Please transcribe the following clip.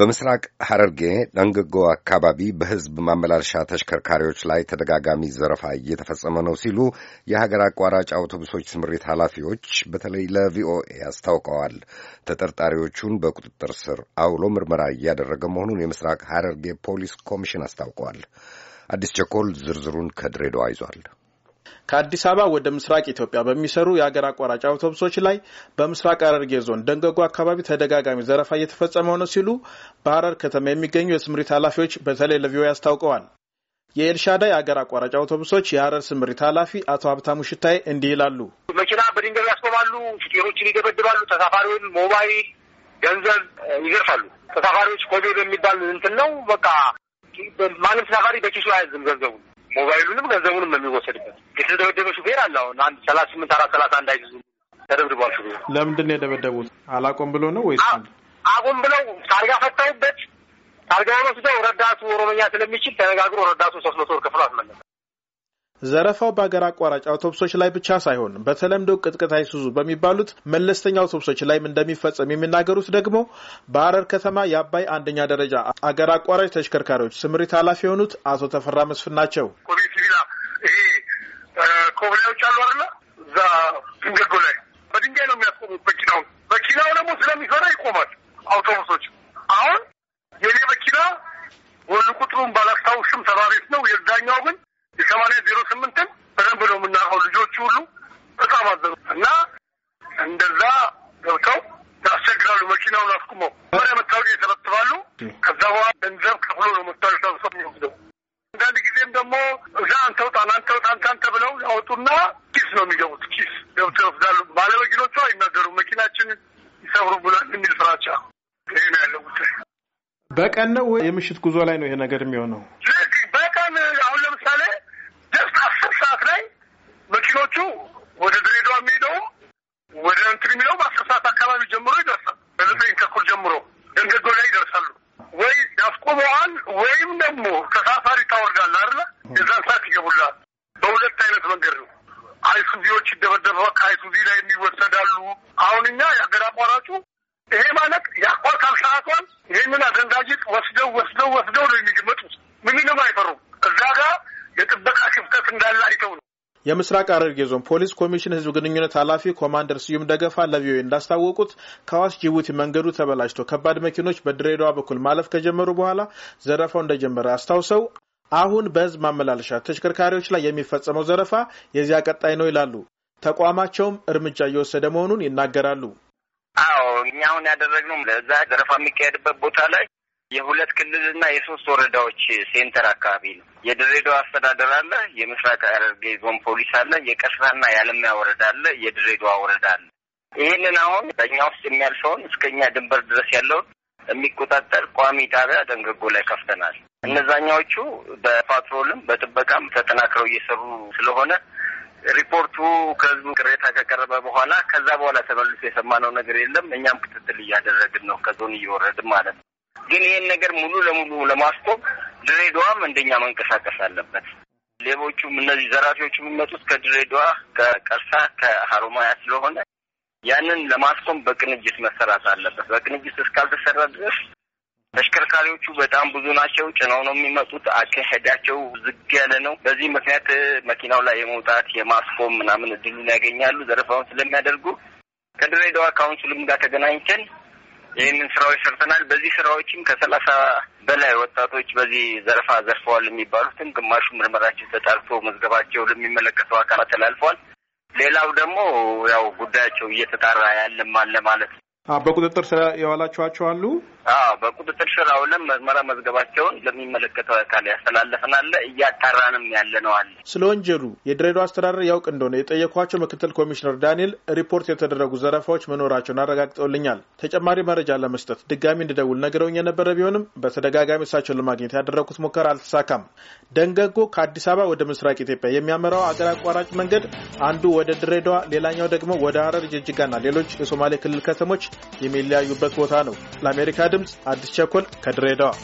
በምስራቅ ሐረርጌ ደንገጎ አካባቢ በሕዝብ ማመላለሻ ተሽከርካሪዎች ላይ ተደጋጋሚ ዘረፋ እየተፈጸመ ነው ሲሉ የሀገር አቋራጭ አውቶቡሶች ስምሪት ኃላፊዎች በተለይ ለቪኦኤ አስታውቀዋል። ተጠርጣሪዎቹን በቁጥጥር ስር አውሎ ምርመራ እያደረገ መሆኑን የምስራቅ ሐረርጌ ፖሊስ ኮሚሽን አስታውቀዋል። አዲስ ቸኮል ዝርዝሩን ከድሬዳዋ ይዟል። ከአዲስ አበባ ወደ ምስራቅ ኢትዮጵያ በሚሰሩ የሀገር አቋራጭ አውቶቡሶች ላይ በምስራቅ ሐረርጌ ዞን ደንገጎ አካባቢ ተደጋጋሚ ዘረፋ እየተፈጸመ ነው ሲሉ በሐረር ከተማ የሚገኙ የስምሪት ኃላፊዎች በተለይ ለቪኦኤ አስታውቀዋል። የኤልሻዳይ የሀገር አቋራጭ አውቶቡሶች የሐረር ስምሪት ኃላፊ አቶ ሀብታሙ ሽታይ እንዲህ ይላሉ። መኪና በድንጋይ ያስቆማሉ፣ ሹፌሮችን ይደበድባሉ፣ ተሳፋሪውን ሞባይል፣ ገንዘብ ይዘርፋሉ። ተሳፋሪዎች ኮቤ በሚባል እንትን ነው በቃ ማንም ተሳፋሪ በኪሱ አያዝም ገንዘቡን ሞባይሉንም ገንዘቡንም ነው የሚወሰድበት። የተደበደበ ሹፌር አለ። አሁን አንድ ሰላሳ ስምንት አራት ሰላሳ አንድ አይዙ ተደብድቧል። ሹፌር ለምንድን ነው የደበደቡት? አላቆም ብሎ ነው ወይስ አቁም ብለው ታርጋ ፈታይበት ታርጋውን ወስደው ረዳቱ ኦሮመኛ ስለሚችል ተነጋግሮ ረዳቱ ሶስት መቶ ወር ከፍሎ አስመለሰ። ዘረፋው በሀገር አቋራጭ አውቶቡሶች ላይ ብቻ ሳይሆን በተለምዶ ቅጥቅት አይሱዙ በሚባሉት መለስተኛ አውቶቡሶች ላይም እንደሚፈጸም የሚናገሩት ደግሞ በሀረር ከተማ የአባይ አንደኛ ደረጃ አገር አቋራጭ ተሽከርካሪዎች ስምሪት ኃላፊ የሆኑት አቶ ተፈራ መስፍን ናቸው። ኮብላዮች አሉ አለ እዛ ገጎ ላይ በድንጋይ ነው ዜሮ ስምንትን በደንብ ነው የምናውቀው። ልጆቹ ሁሉ በጣም አዘኑ እና እንደዛ ገብተው ያስቸግራሉ። መኪናውን አስቁመው መሪ መታወቂያ ይሰበስባሉ። ከዛ በኋላ ገንዘብ ከፍሎ ነው መታወቂያ ሰብሰብ የሚወስደው። አንዳንድ ጊዜም ደግሞ እዛ አንተ ውጣ አንተ ውጣ አንተ ብለው ያወጡና ኪስ ነው የሚገቡት። ኪስ ገብተው ይወስዳሉ። ባለመኪኖቹ አይናገሩም። መኪናችን ይሰብሩ ብላል የሚል ፍራቻ ይሄ ነው ያለው ጉዳይ። በቀን ነው የምሽት ጉዞ ላይ ነው ይሄ ነገር የሚሆነው? የሚለው በአስር ሰዓት አካባቢ ጀምሮ ይደርሳል። በዘጠኝ ተኩል ጀምሮ ደንገዶ ላይ ይደርሳሉ። ወይ ያስቆመዋል ወይም ደግሞ ተሳፋሪ ታወርዳለ አለ የዛን ሰዓት ይገቡላል። በሁለት አይነት መንገድ ነው። አይሱዚዎች ይደበደበ ከአይሱዚ ላይ የሚወሰዳሉ። አሁን እኛ የሀገር አቋራጩ ይሄ ማለት የአቋርታል ሰዓቷን ይህንን አደንዳጅት ወስደው ወስደው ወስደው ነው የሚገመጡት። ምንንም አይፈሩ የምስራቅ ሐረርጌ ዞን ፖሊስ ኮሚሽን ህዝብ ግንኙነት ኃላፊ ኮማንደር ስዩም ደገፋ ለቪኦኤ እንዳስታወቁት ከዋስ ጅቡቲ መንገዱ ተበላሽቶ ከባድ መኪኖች በድሬዳዋ በኩል ማለፍ ከጀመሩ በኋላ ዘረፋው እንደጀመረ አስታውሰው አሁን በህዝብ ማመላለሻ ተሽከርካሪዎች ላይ የሚፈጸመው ዘረፋ የዚያ ቀጣይ ነው ይላሉ። ተቋማቸውም እርምጃ እየወሰደ መሆኑን ይናገራሉ። አዎ እኛ አሁን ያደረግነው ለዛ ዘረፋ የሚካሄድበት ቦታ ላይ የሁለት ክልልና የሶስት ወረዳዎች ሴንተር አካባቢ ነው የድሬዳዋ አስተዳደር አለ፣ የምስራቅ ሐረርጌ ዞን ፖሊስ አለ፣ የቀስራና የአለሚያ ወረዳ አለ፣ የድሬዳዋ ወረዳ አለ። ይህንን አሁን በእኛ ውስጥ የሚያልፈውን እስከኛ ድንበር ድረስ ያለውን የሚቆጣጠር ቋሚ ጣቢያ ደንገጎ ላይ ከፍተናል። እነዛኛዎቹ በፓትሮልም በጥበቃም ተጠናክረው እየሰሩ ስለሆነ ሪፖርቱ ከህዝቡ ቅሬታ ከቀረበ በኋላ ከዛ በኋላ ተመልሶ የሰማነው ነገር የለም። እኛም ክትትል እያደረግን ነው፣ ከዞን እየወረድን ማለት ነው። ግን ይህን ነገር ሙሉ ለሙሉ ለማስቆም ድሬዳዋም እንደኛ መንቀሳቀስ አለበት። ሌቦቹም እነዚህ ዘራፊዎቹ የሚመጡት ከድሬዳዋ፣ ከቀርሳ፣ ከሀሮማያ ስለሆነ ያንን ለማስቆም በቅንጅት መሰራት አለበት። በቅንጅት እስካልተሰራ ድረስ ተሽከርካሪዎቹ በጣም ብዙ ናቸው። ጭነው ነው የሚመጡት። አካሄዳቸው ዝግ ያለ ነው። በዚህ ምክንያት መኪናው ላይ የመውጣት የማስቆም ምናምን እድሉን ያገኛሉ። ዘረፋውን ስለሚያደርጉ ከድሬዳዋ ካውንስልም ጋር ተገናኝተን ይህንን ስራዎች ሰርተናል። በዚህ ስራዎችም ከሰላሳ በላይ ወጣቶች በዚህ ዘርፋ ዘርፈዋል የሚባሉትን ግማሹ ምርመራቸው ተጣርቶ መዝገባቸው ለሚመለከተው አካላት ተላልፏል። ሌላው ደግሞ ያው ጉዳያቸው እየተጣራ ያለም አለ ማለት ነው። በቁጥጥር ስር የዋላችኋቸው አሉ? በቁጥጥር ስር አውለን ምርመራ መዝገባቸውን ለሚመለከተው አካል ያስተላለፍናለ እያጣራንም ያለ ነው አለ። ስለ ወንጀሉ የድሬዳዋ አስተዳደር ያውቅ እንደሆነ የጠየኳቸው ምክትል ኮሚሽነር ዳንኤል ሪፖርት የተደረጉ ዘረፋዎች መኖራቸውን አረጋግጠውልኛል። ተጨማሪ መረጃ ለመስጠት ድጋሚ እንድደውል ነግረውኝ የነበረ ቢሆንም በተደጋጋሚ እሳቸውን ለማግኘት ያደረጉት ሙከራ አልተሳካም። ደንገጎ ከአዲስ አበባ ወደ ምስራቅ ኢትዮጵያ የሚያመራው አገር አቋራጭ መንገድ አንዱ ወደ ድሬዳዋ፣ ሌላኛው ደግሞ ወደ ሀረር፣ ጅጅጋና ሌሎች የሶማሌ ክልል ከተሞች የሚለያዩበት ቦታ ነው። ለአሜሪካ ድምፅ አዲስ ቸኮል ከድሬዳዋ